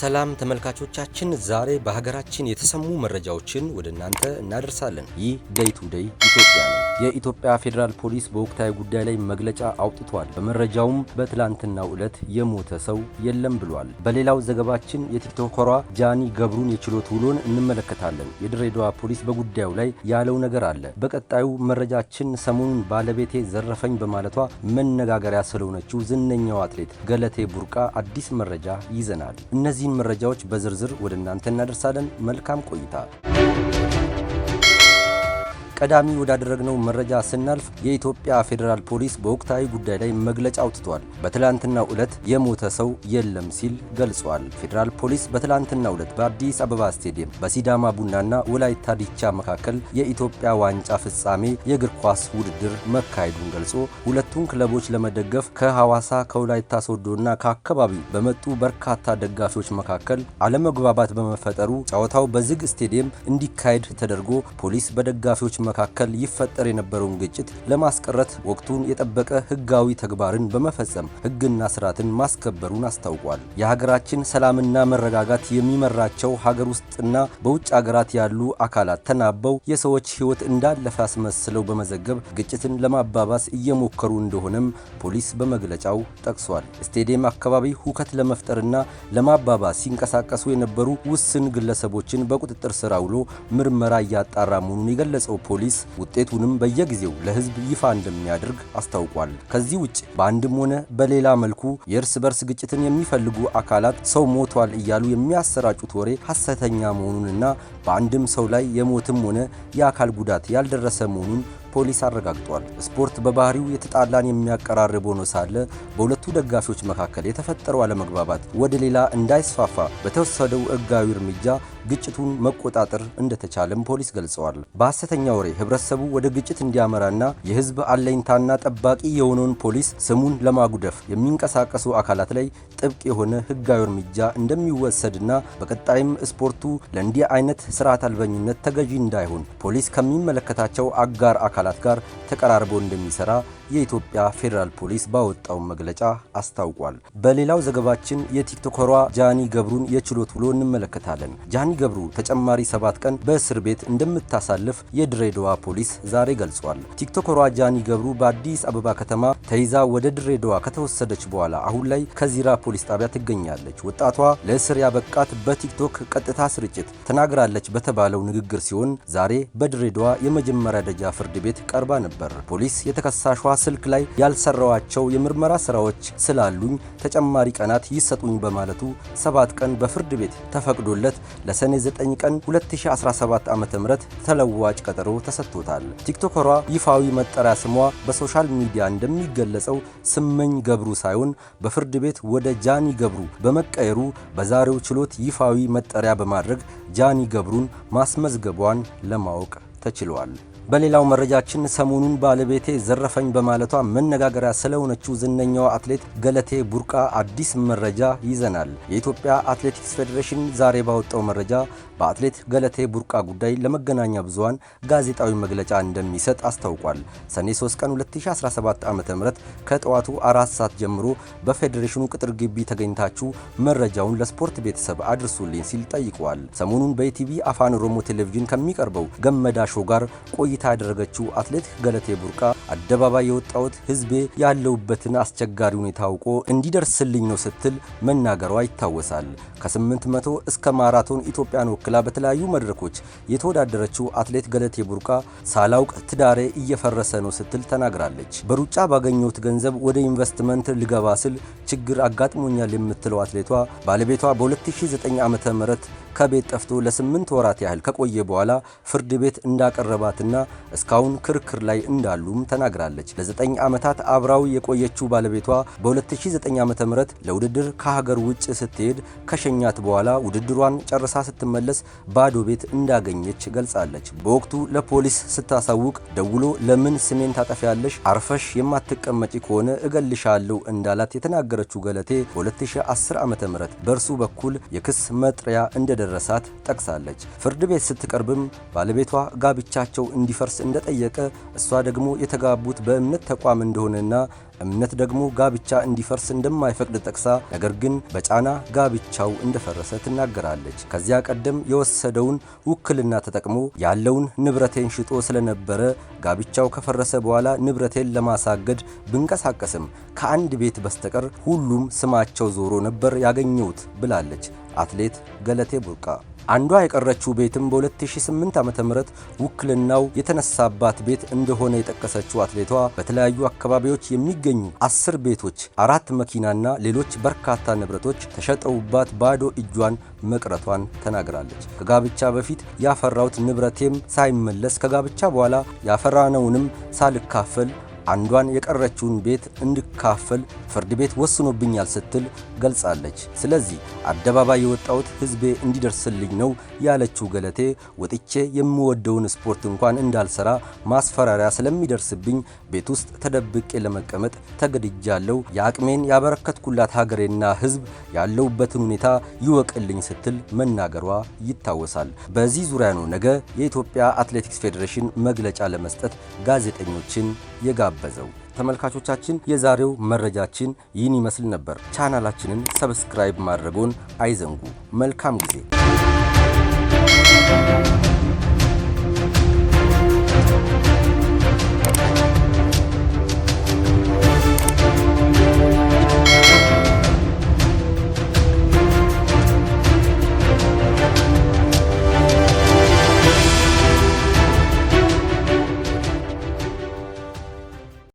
ሰላም ተመልካቾቻችን፣ ዛሬ በሀገራችን የተሰሙ መረጃዎችን ወደ እናንተ እናደርሳለን። ይህ ደይ ቱ ደይ ኢትዮጵያ ነው። የኢትዮጵያ ፌዴራል ፖሊስ በወቅታዊ ጉዳይ ላይ መግለጫ አውጥቷል። በመረጃውም በትላንትናው ዕለት የሞተ ሰው የለም ብሏል። በሌላው ዘገባችን የቲክቶከሯ ጃኒ ገብሩን የችሎት ውሎን እንመለከታለን። የድሬዳዋ ፖሊስ በጉዳዩ ላይ ያለው ነገር አለ። በቀጣዩ መረጃችን ሰሞኑን ባለቤቴ ዘረፈኝ በማለቷ መነጋገሪያ ስለሆነችው ዝነኛው አትሌት ገለቴ ቡርቃ አዲስ መረጃ ይዘናል። እነዚህን መረጃዎች በዝርዝር ወደ እናንተ እናደርሳለን። መልካም ቆይታ ቀዳሚ ወዳደረግነው መረጃ ስናልፍ የኢትዮጵያ ፌዴራል ፖሊስ በወቅታዊ ጉዳይ ላይ መግለጫ አውጥቷል። በትላንትናው ዕለት የሞተ ሰው የለም ሲል ገልጿል። ፌዴራል ፖሊስ በትላንትናው ዕለት በአዲስ አበባ ስቴዲየም በሲዳማ ቡናና ወላይታ ዲቻ መካከል የኢትዮጵያ ዋንጫ ፍጻሜ የእግር ኳስ ውድድር መካሄዱን ገልጾ ሁለቱን ክለቦች ለመደገፍ ከሐዋሳ ከወላይታ ሶዶና ከአካባቢው በመጡ በርካታ ደጋፊዎች መካከል አለመግባባት በመፈጠሩ ጨዋታው በዝግ ስቴዲየም እንዲካሄድ ተደርጎ ፖሊስ በደጋፊዎች መካከል ይፈጠር የነበረውን ግጭት ለማስቀረት ወቅቱን የጠበቀ ህጋዊ ተግባርን በመፈጸም ህግና ስርዓትን ማስከበሩን አስታውቋል። የሀገራችን ሰላምና መረጋጋት የሚመራቸው ሀገር ውስጥና በውጭ ሀገራት ያሉ አካላት ተናበው የሰዎች ህይወት እንዳለፈ አስመስለው በመዘገብ ግጭትን ለማባባስ እየሞከሩ እንደሆነም ፖሊስ በመግለጫው ጠቅሷል። ስቴዲየም አካባቢ ሁከት ለመፍጠርና ለማባባስ ሲንቀሳቀሱ የነበሩ ውስን ግለሰቦችን በቁጥጥር ስር አውሎ ምርመራ እያጣራ መሆኑን የገለጸው ፖሊስ ውጤቱንም በየጊዜው ለህዝብ ይፋ እንደሚያደርግ አስታውቋል። ከዚህ ውጭ በአንድም ሆነ በሌላ መልኩ የእርስ በርስ ግጭትን የሚፈልጉ አካላት ሰው ሞቷል እያሉ የሚያሰራጩት ወሬ ሐሰተኛ መሆኑንና በአንድም ሰው ላይ የሞትም ሆነ የአካል ጉዳት ያልደረሰ መሆኑን ፖሊስ አረጋግጧል። ስፖርት በባህሪው የተጣላን የሚያቀራርብ ሆኖ ሳለ በሁለቱ ደጋፊዎች መካከል የተፈጠረው አለመግባባት ወደ ሌላ እንዳይስፋፋ በተወሰደው ሕጋዊ እርምጃ ግጭቱን መቆጣጠር እንደተቻለም ፖሊስ ገልጸዋል። በሐሰተኛ ወሬ ህብረተሰቡ ወደ ግጭት እንዲያመራና የህዝብ አለኝታና ጠባቂ የሆነውን ፖሊስ ስሙን ለማጉደፍ የሚንቀሳቀሱ አካላት ላይ ጥብቅ የሆነ ህጋዊ እርምጃ እንደሚወሰድና በቀጣይም ስፖርቱ ለእንዲህ አይነት ስርዓት አልበኝነት ተገዢ እንዳይሆን ፖሊስ ከሚመለከታቸው አጋር አካላት አካላት ጋር ተቀራርቦ እንደሚሰራ የኢትዮጵያ ፌዴራል ፖሊስ ባወጣው መግለጫ አስታውቋል። በሌላው ዘገባችን የቲክቶከሯ ጃኒ ገብሩን የችሎት ውሎ እንመለከታለን። ጃኒ ገብሩ ተጨማሪ ሰባት ቀን በእስር ቤት እንደምታሳልፍ የድሬዳዋ ፖሊስ ዛሬ ገልጿል። ቲክቶከሯ ጃኒ ገብሩ በአዲስ አበባ ከተማ ተይዛ ወደ ድሬዳዋ ከተወሰደች በኋላ አሁን ላይ ከዚራ ፖሊስ ጣቢያ ትገኛለች። ወጣቷ ለእስር ያበቃት በቲክቶክ ቀጥታ ስርጭት ተናግራለች በተባለው ንግግር ሲሆን ዛሬ በድሬዳዋ የመጀመሪያ ደረጃ ፍርድ ቤት ቀርባ ነበር። ፖሊስ የተከሳሿ ስልክ ላይ ያልሰራዋቸው የምርመራ ስራዎች ስላሉኝ ተጨማሪ ቀናት ይሰጡኝ በማለቱ ሰባት ቀን በፍርድ ቤት ተፈቅዶለት ለሰኔ 9 ቀን 2017 ዓ.ም ተለዋጭ ቀጠሮ ተሰጥቶታል። ቲክቶከሯ ይፋዊ መጠሪያ ስሟ በሶሻል ሚዲያ እንደሚገለጸው ስመኝ ገብሩ ሳይሆን በፍርድ ቤት ወደ ጃኒ ገብሩ በመቀየሩ በዛሬው ችሎት ይፋዊ መጠሪያ በማድረግ ጃኒ ገብሩን ማስመዝገቧን ለማወቅ ተችሏል። በሌላው መረጃችን ሰሞኑን ባለቤቴ ዘረፈኝ በማለቷ መነጋገሪያ ስለሆነችው ዝነኛዋ አትሌት ገለቴ ቡርቃ አዲስ መረጃ ይዘናል። የኢትዮጵያ አትሌቲክስ ፌዴሬሽን ዛሬ ባወጣው መረጃ በአትሌት ገለቴ ቡርቃ ጉዳይ ለመገናኛ ብዙኃን ጋዜጣዊ መግለጫ እንደሚሰጥ አስታውቋል። ሰኔ 3 ቀን 2017 ዓ ም ከጠዋቱ አራት ሰዓት ጀምሮ በፌዴሬሽኑ ቅጥር ግቢ ተገኝታችሁ መረጃውን ለስፖርት ቤተሰብ አድርሱልኝ ሲል ጠይቋል። ሰሞኑ ሰሞኑን በኢቲቪ አፋን ኦሮሞ ቴሌቪዥን ከሚቀርበው ገመዳ ሾው ጋር ቆይታ ያደረገችው አትሌት ገለቴ ቡርቃ አደባባይ የወጣሁት ህዝቤ ያለውበትን አስቸጋሪ ሁኔታ አውቆ እንዲደርስልኝ ነው ስትል መናገሯ ይታወሳል። ከ800 እስከ ማራቶን ኢትዮጵያን ወክላ በተለያዩ መድረኮች የተወዳደረችው አትሌት ገለቴ ቡርቃ ሳላውቅ ትዳሬ እየፈረሰ ነው ስትል ተናግራለች። በሩጫ ባገኘሁት ገንዘብ ወደ ኢንቨስትመንት ልገባ ስል ችግር አጋጥሞኛል የምትለው አትሌቷ ባለቤቷ በ2009 ም ከቤት ጠፍቶ ለስምንት ወራት ያህል ከቆየ በኋላ ፍርድ ቤት እንዳቀረባትና እስካሁን ክርክር ላይ እንዳሉም ተናግራለች። ለዘጠኝ ዓመታት አብራው የቆየችው ባለቤቷ በ2009 ዓ ም ለውድድር ከሀገር ውጭ ስትሄድ ከሸኛት በኋላ ውድድሯን ጨርሳ ስትመለስ ባዶ ቤት እንዳገኘች ገልጻለች። በወቅቱ ለፖሊስ ስታሳውቅ ደውሎ ለምን ስሜን ታጠፊያለሽ? አርፈሽ የማትቀመጪ ከሆነ እገልሻለሁ እንዳላት የተናገረችው ገለቴ በ2010 ዓ ም በእርሱ በኩል የክስ መጥሪያ እንደደረሳት ጠቅሳለች። ፍርድ ቤት ስትቀርብም ባለቤቷ ጋብቻቸው እንዲፈርስ እንደጠየቀ እሷ ደግሞ የተጋቡት በእምነት ተቋም እንደሆነና እምነት ደግሞ ጋብቻ እንዲፈርስ እንደማይፈቅድ ጠቅሳ ነገር ግን በጫና ጋብቻው እንደፈረሰ ትናገራለች። ከዚያ ቀደም የወሰደውን ውክልና ተጠቅሞ ያለውን ንብረቴን ሽጦ ስለነበረ ጋብቻው ከፈረሰ በኋላ ንብረቴን ለማሳገድ ብንቀሳቀስም ከአንድ ቤት በስተቀር ሁሉም ስማቸው ዞሮ ነበር ያገኘሁት ብላለች አትሌት ገለቴ ቡርቃ። አንዷ የቀረችው ቤትም በ2008 ዓ.ም ውክልናው የተነሳባት ቤት እንደሆነ የጠቀሰችው አትሌቷ በተለያዩ አካባቢዎች የሚገኙ አስር ቤቶች፣ አራት መኪናና ሌሎች በርካታ ንብረቶች ተሸጠውባት ባዶ እጇን መቅረቷን ተናግራለች። ከጋብቻ በፊት ያፈራሁት ንብረቴም ሳይመለስ ከጋብቻ በኋላ ያፈራነውንም ሳልካፈል አንዷን የቀረችውን ቤት እንድካፈል ፍርድ ቤት ወስኖብኛል ስትል ገልጻለች። ስለዚህ አደባባይ የወጣሁት ሕዝቤ እንዲደርስልኝ ነው ያለችው ገለቴ ወጥቼ የምወደውን ስፖርት እንኳን እንዳልሰራ ማስፈራሪያ ስለሚደርስብኝ ቤት ውስጥ ተደብቄ ለመቀመጥ ተገድጃለሁ። የአቅሜን ያበረከትኩላት ሀገሬና ሕዝብ ያለውበትን ሁኔታ ይወቅልኝ ስትል መናገሯ ይታወሳል። በዚህ ዙሪያ ነው ነገ የኢትዮጵያ አትሌቲክስ ፌዴሬሽን መግለጫ ለመስጠት ጋዜጠኞችን የጋ ጋበዘው። ተመልካቾቻችን የዛሬው መረጃችን ይህን ይመስል ነበር። ቻናላችንን ሰብስክራይብ ማድረጎን አይዘንጉ። መልካም ጊዜ